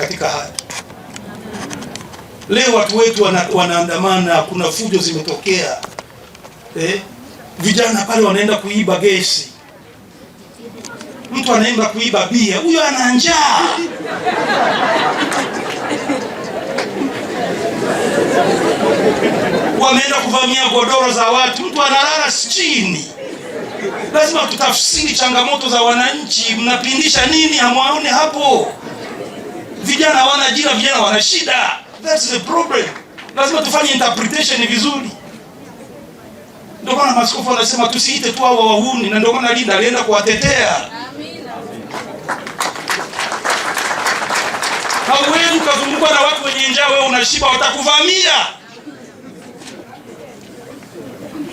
Katika haya leo watu wetu wanaandamana, kuna fujo zimetokea eh, vijana pale wanaenda kuiba gesi, mtu anaenda kuiba bia, huyo ana njaa wameenda kuvamia godoro za watu, mtu analala chini. Lazima tutafsiri changamoto za wananchi. Mnapindisha nini? Hamwaone hapo Vijana hawana ajira, vijana wana shida, that's the problem. Lazima tufanye interpretation vizuri. Ndio maana maskofu wanasema tusiite tu hao wahuni, na ndio maana Linda alienda kuwatetea. Amina. Hauwezi ukazungukwa na watu wenye njaa, wewe unashiba, watakuvamia.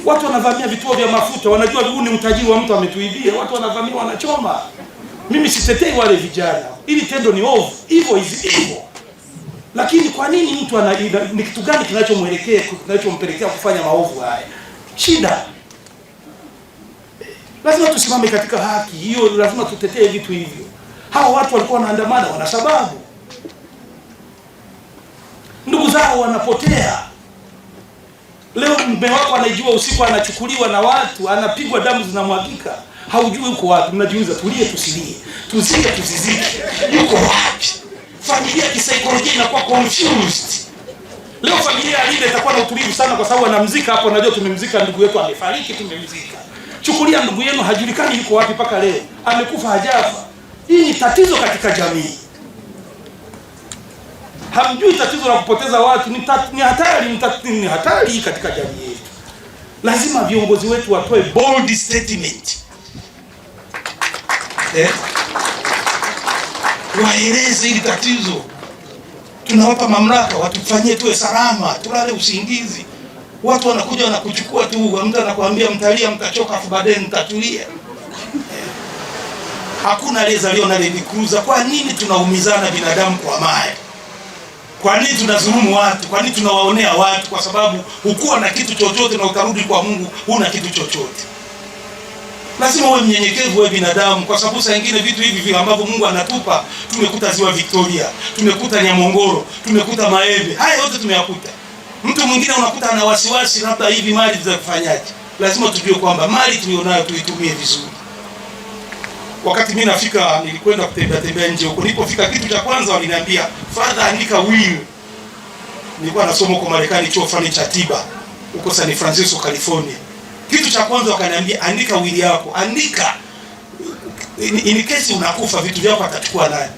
Watu wanavamia vituo vya mafuta, wanajua huu ni utajiri wa mtu ametuibia. Watu wanavamia, wanachoma mimi sitetei wale vijana, ili tendo ni ovu, hivyo hivyo. Lakini kwa nini mtu ana, ni kitu gani kinachomwelekea kinachompelekea kufanya maovu haya? Shida lazima tusimame katika haki hiyo, lazima tutetee vitu hivyo. Hawa watu walikuwa wanaandamana, wana sababu, ndugu zao wanapotea. Leo mume wako anaijua usiku, anachukuliwa na watu, anapigwa, damu zinamwagika haujui uko wapi. Mnajiuliza, tulie, tusilie, tusilie, tusizike, yuko wapi? Familia kisaikolojia inakuwa confused. Leo familia ya Linda itakuwa na utulivu sana, kwa sababu anamzika hapo, najua tumemzika ndugu yetu, amefariki, tumemzika. Chukulia ndugu yenu hajulikani yuko wapi mpaka leo, amekufa hajafa. Hii ni tatizo katika jamii. Hamjui tatizo la kupoteza watu ni, tat, ni hatari ni, tat, ni hatari katika jamii yetu. Lazima viongozi wetu watoe bold statement eh, waeleze hili tatizo. Tunawapa mamlaka watufanyie tuwe salama, tulale usingizi. Watu wanakuja wanakuchukua tu, mtu anakuambia mtalia, mtachoka, afu baadaye mtatulia. Hakuna aliyezaliwa na Land Cruiser. Kwa nini tunaumizana binadamu kwa maya Kwa nini tunadhulumu watu? Kwa nini tunawaonea watu? Kwa sababu hukuwa na kitu chochote, na utarudi kwa Mungu huna kitu chochote lazima uwe mnyenyekevu, wewe binadamu, kwa sababu saa nyingine vitu hivi vile ambavyo Mungu anatupa, tumekuta ziwa Victoria, tumekuta Nyamongoro, tumekuta Maembe, haya yote tumeyakuta. Mtu mwingine unakuta ana wasiwasi labda hivi mali za kufanyaje? Lazima tujue kwamba mali tuliyonayo tuitumie vizuri. Wakati mimi nafika, nilikwenda kutembea tembea nje huko, nilipofika kitu cha kwanza waliniambia, father, andika will. Nilikuwa nasoma huko Marekani, chuo fulani cha tiba huko San Francisco, California kitu cha kwanza wakaniambia, andika wili yako, andika in, in case unakufa vitu vyako atachukua naye.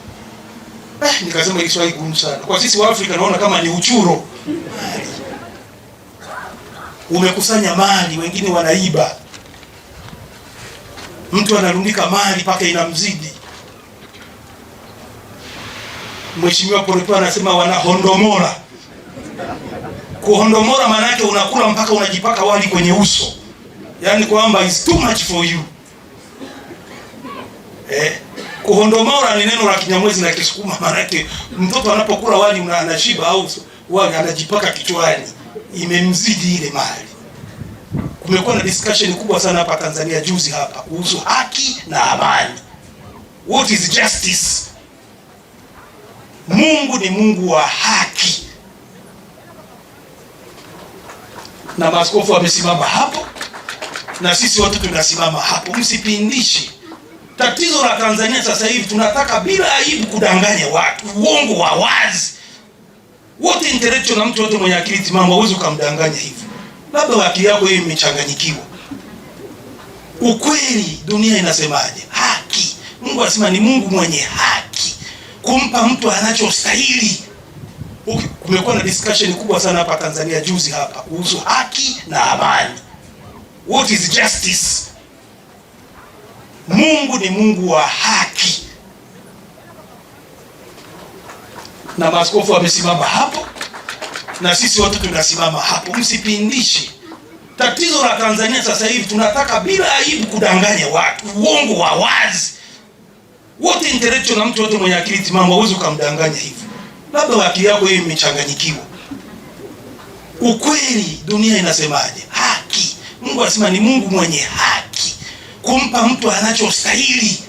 Eh, nikasema hili gumu sana kwa sisi wa Afrika, naona kama ni uchuro. Umekusanya mali, wengine wanaiba, mtu anarundika mali mpaka inamzidi. Mheshimiwa Polepole anasema wanahondomora. Kuhondomora maana yake unakula mpaka unajipaka wali kwenye uso yani kwamba is too much for you eh. Kuhondomora ni neno la Kinyamwezi na Kisukuma, maana yake mtoto anapokula wali anashiba au wali anajipaka kichwani, imemzidi ile mali. Kumekuwa na discussion kubwa sana hapa Tanzania juzi hapa kuhusu haki na amani, what is justice. Mungu ni Mungu wa haki, na maaskofu wamesimama hapo na sisi watu tunasimama hapo, msipindishi. Tatizo la Tanzania sasa hivi tunataka bila aibu kudanganya watu, uongo wa wazi. Wote intellectual na mtu yote mwenye akili timamu hawezi kumdanganya hivyo, labda akili yako hiyo imechanganyikiwa. Ukweli dunia inasemaje? Haki. Mungu anasema ni Mungu mwenye haki kumpa mtu anachostahili. Kumekuwa na discussion kubwa sana hapa Tanzania juzi hapa kuhusu haki na amani. What is justice? Mungu ni Mungu wa haki, na maaskofu wamesimama hapo na sisi watu tunasimama hapo, msipindishi Tatizo la Tanzania sasa hivi tunataka bila aibu kudanganya watu, uongo wa wazi. Wote intellectual na mtu wote mwenye akili timamu hawezi kumdanganya hivyo, labda akili yako imechanganyikiwa. Ukweli dunia inasemaje? Mungu anasema ni Mungu mwenye haki kumpa mtu anachostahili.